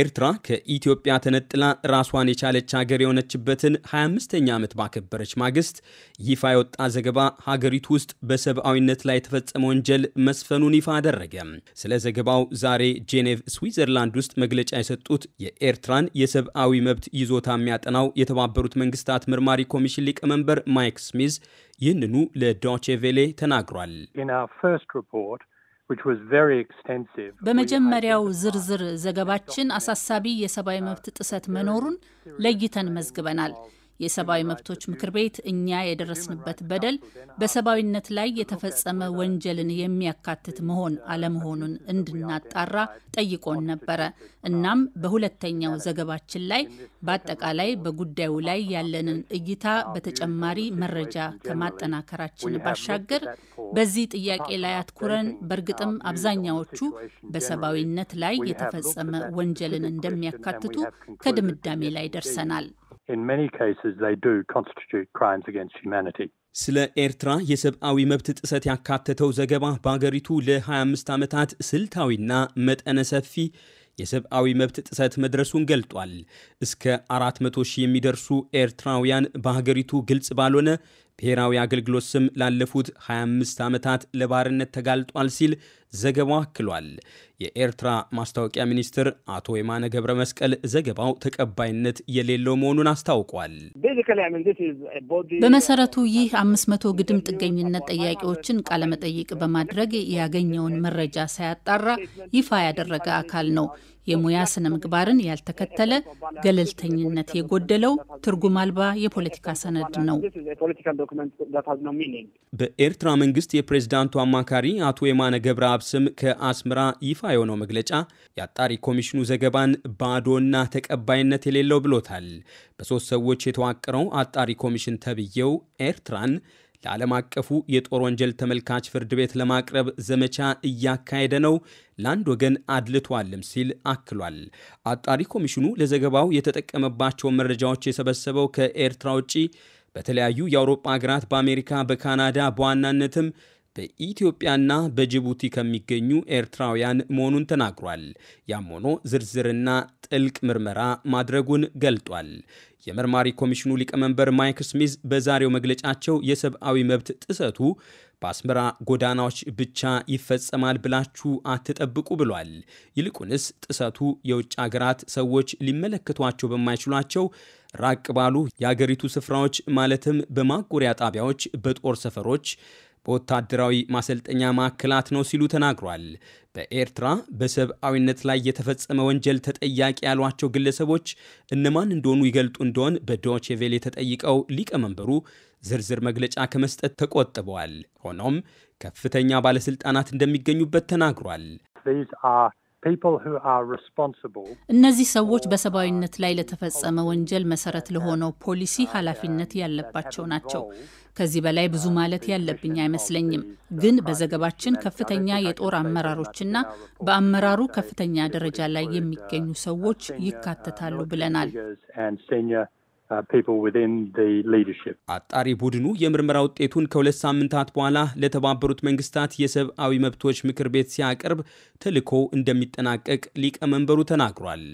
ኤርትራ ከኢትዮጵያ ተነጥላ ራሷን የቻለች ሀገር የሆነችበትን 25ኛ ዓመት ባከበረች ማግስት ይፋ የወጣ ዘገባ ሀገሪቱ ውስጥ በሰብአዊነት ላይ የተፈጸመ ወንጀል መስፈኑን ይፋ አደረገ። ስለ ዘገባው ዛሬ ጄኔቭ ስዊዘርላንድ ውስጥ መግለጫ የሰጡት የኤርትራን የሰብአዊ መብት ይዞታ የሚያጠናው የተባበሩት መንግስታት ምርማሪ ኮሚሽን ሊቀመንበር ማይክ ስሚዝ ይህንኑ ለዶቼ ቬሌ ተናግሯል። በመጀመሪያው ዝርዝር ዘገባችን አሳሳቢ የሰብአዊ መብት ጥሰት መኖሩን ለይተን መዝግበናል። የሰብአዊ መብቶች ምክር ቤት እኛ የደረስንበት በደል በሰብአዊነት ላይ የተፈጸመ ወንጀልን የሚያካትት መሆን አለመሆኑን እንድናጣራ ጠይቆን ነበረ። እናም በሁለተኛው ዘገባችን ላይ በአጠቃላይ በጉዳዩ ላይ ያለንን እይታ በተጨማሪ መረጃ ከማጠናከራችን ባሻገር በዚህ ጥያቄ ላይ አትኩረን በእርግጥም አብዛኛዎቹ በሰብአዊነት ላይ የተፈጸመ ወንጀልን እንደሚያካትቱ ከድምዳሜ ላይ ደርሰናል። ስለ ኤርትራ የሰብአዊ መብት ጥሰት ያካተተው ዘገባ በአገሪቱ ለ25 ዓመታት ስልታዊና መጠነ ሰፊ የሰብአዊ መብት ጥሰት መድረሱን ገልጧል። እስከ 400 ሺህ የሚደርሱ ኤርትራውያን በሀገሪቱ ግልጽ ባልሆነ ብሔራዊ አገልግሎት ስም ላለፉት 25 ዓመታት ለባርነት ተጋልጧል ሲል ዘገባው አክሏል። የኤርትራ ማስታወቂያ ሚኒስትር አቶ የማነ ገብረ መስቀል ዘገባው ተቀባይነት የሌለው መሆኑን አስታውቋል። በመሰረቱ ይህ 500 ግድም ጥገኝነት ጠያቂዎችን ቃለመጠይቅ በማድረግ ያገኘውን መረጃ ሳያጣራ ይፋ ያደረገ አካል ነው። የሙያ ስነ ምግባርን ያልተከተለ፣ ገለልተኝነት የጎደለው፣ ትርጉም አልባ የፖለቲካ ሰነድ ነው። ዶክመንት ነው ሚኒንግ በኤርትራ መንግስት የፕሬዝዳንቱ አማካሪ አቶ የማነ ገብረአብ ስም ከአስመራ ይፋ የሆነው መግለጫ የአጣሪ ኮሚሽኑ ዘገባን ባዶና ተቀባይነት የሌለው ብሎታል። በሶስት ሰዎች የተዋቀረው አጣሪ ኮሚሽን ተብዬው ኤርትራን ለዓለም አቀፉ የጦር ወንጀል ተመልካች ፍርድ ቤት ለማቅረብ ዘመቻ እያካሄደ ነው፣ ለአንድ ወገን አድልቷልም ሲል አክሏል። አጣሪ ኮሚሽኑ ለዘገባው የተጠቀመባቸውን መረጃዎች የሰበሰበው ከኤርትራ ውጪ በተለያዩ የአውሮፓ ሀገራት፣ በአሜሪካ፣ በካናዳ በዋናነትም በኢትዮጵያና በጅቡቲ ከሚገኙ ኤርትራውያን መሆኑን ተናግሯል። ያም ሆኖ ዝርዝርና ጥልቅ ምርመራ ማድረጉን ገልጧል። የመርማሪ ኮሚሽኑ ሊቀመንበር ማይክ ስሚዝ በዛሬው መግለጫቸው የሰብአዊ መብት ጥሰቱ በአስመራ ጎዳናዎች ብቻ ይፈጸማል ብላችሁ አትጠብቁ ብሏል። ይልቁንስ ጥሰቱ የውጭ አገራት ሰዎች ሊመለከቷቸው በማይችሏቸው ራቅ ባሉ የአገሪቱ ስፍራዎች ማለትም በማጎሪያ ጣቢያዎች፣ በጦር ሰፈሮች በወታደራዊ ማሰልጠኛ ማዕከላት ነው ሲሉ ተናግሯል። በኤርትራ በሰብአዊነት ላይ የተፈጸመ ወንጀል ተጠያቂ ያሏቸው ግለሰቦች እነማን እንደሆኑ ይገልጡ እንደሆን በዶቼ ቬሌ ተጠይቀው ሊቀመንበሩ ዝርዝር መግለጫ ከመስጠት ተቆጥበዋል። ሆኖም ከፍተኛ ባለስልጣናት እንደሚገኙበት ተናግሯል። እነዚህ ሰዎች በሰብአዊነት ላይ ለተፈጸመ ወንጀል መሰረት ለሆነው ፖሊሲ ኃላፊነት ያለባቸው ናቸው። ከዚህ በላይ ብዙ ማለት ያለብኝ አይመስለኝም። ግን በዘገባችን ከፍተኛ የጦር አመራሮችና በአመራሩ ከፍተኛ ደረጃ ላይ uh, የሚገኙ ሰዎች uh, ይካተታሉ ብለናል። Uh, አጣሪ ቡድኑ የምርመራ ውጤቱን ከሁለት ሳምንታት በኋላ ለተባበሩት መንግስታት የሰብአዊ መብቶች ምክር ቤት ሲያቀርብ ተልዕኮው እንደሚጠናቀቅ ሊቀመንበሩ ተናግሯል።